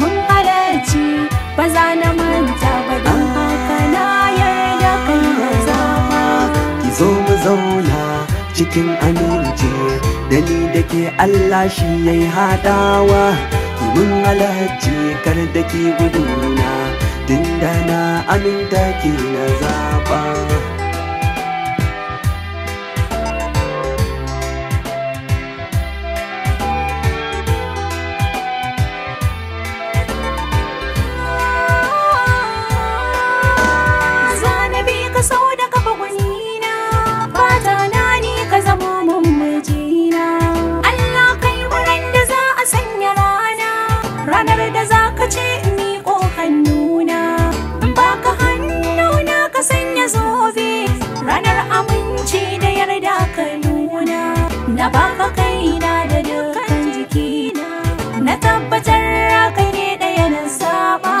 mun halarci ba za na manta ba don haka na yarda kai na zama ki zo mu zauna cikin aminci da ni da ke Allah shi yayi haɗawa ki mun halarci kar da ke guduna tunda na aminta ki na zaba ranar aminci da yarda ka nuna na baka kaina da dukkan jikina na tabbatar kai ne ɗaya na saba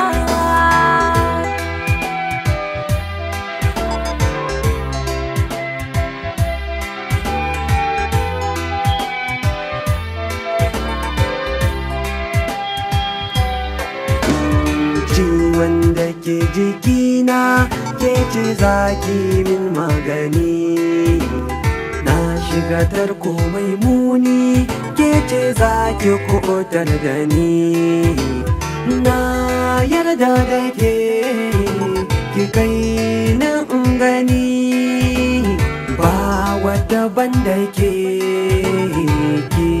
wanda ki jikina ke ce zaki min magani na shiga tarko mai muni ke ce zaki ko da ni na yarda da ke ki kai na gani ba wadda ban ke ke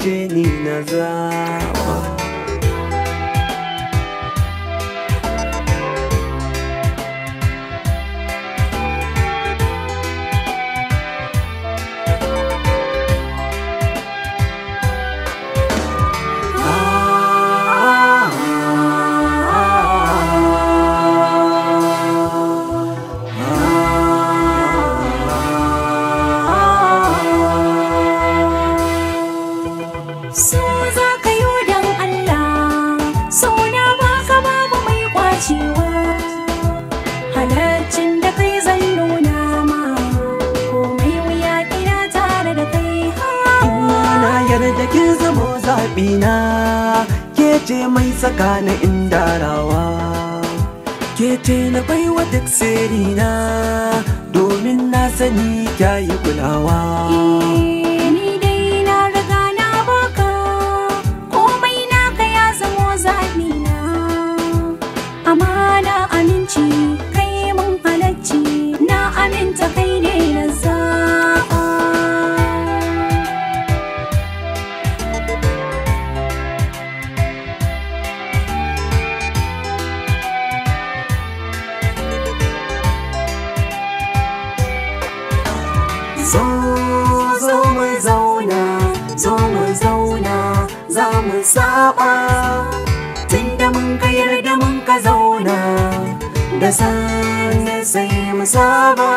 ce ni na zawa zaɓina ke ce mai tsakanin indarawa ke ce na baiwa duk sirina domin na sani kyayi kulawa. amana aminci zo zo mu zauna zo mu zauna za mu saba tunda mun ka yarda mun ka zauna da sanne sai mu saba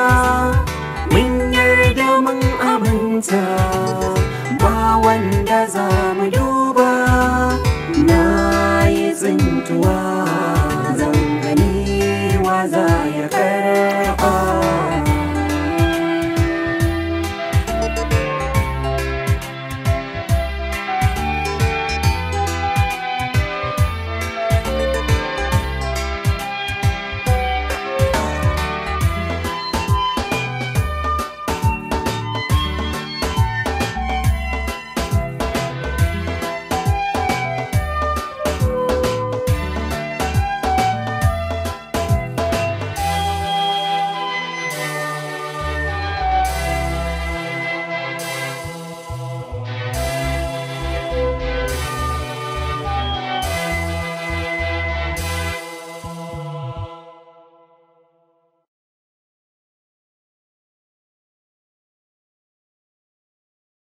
mun yarda mun aminta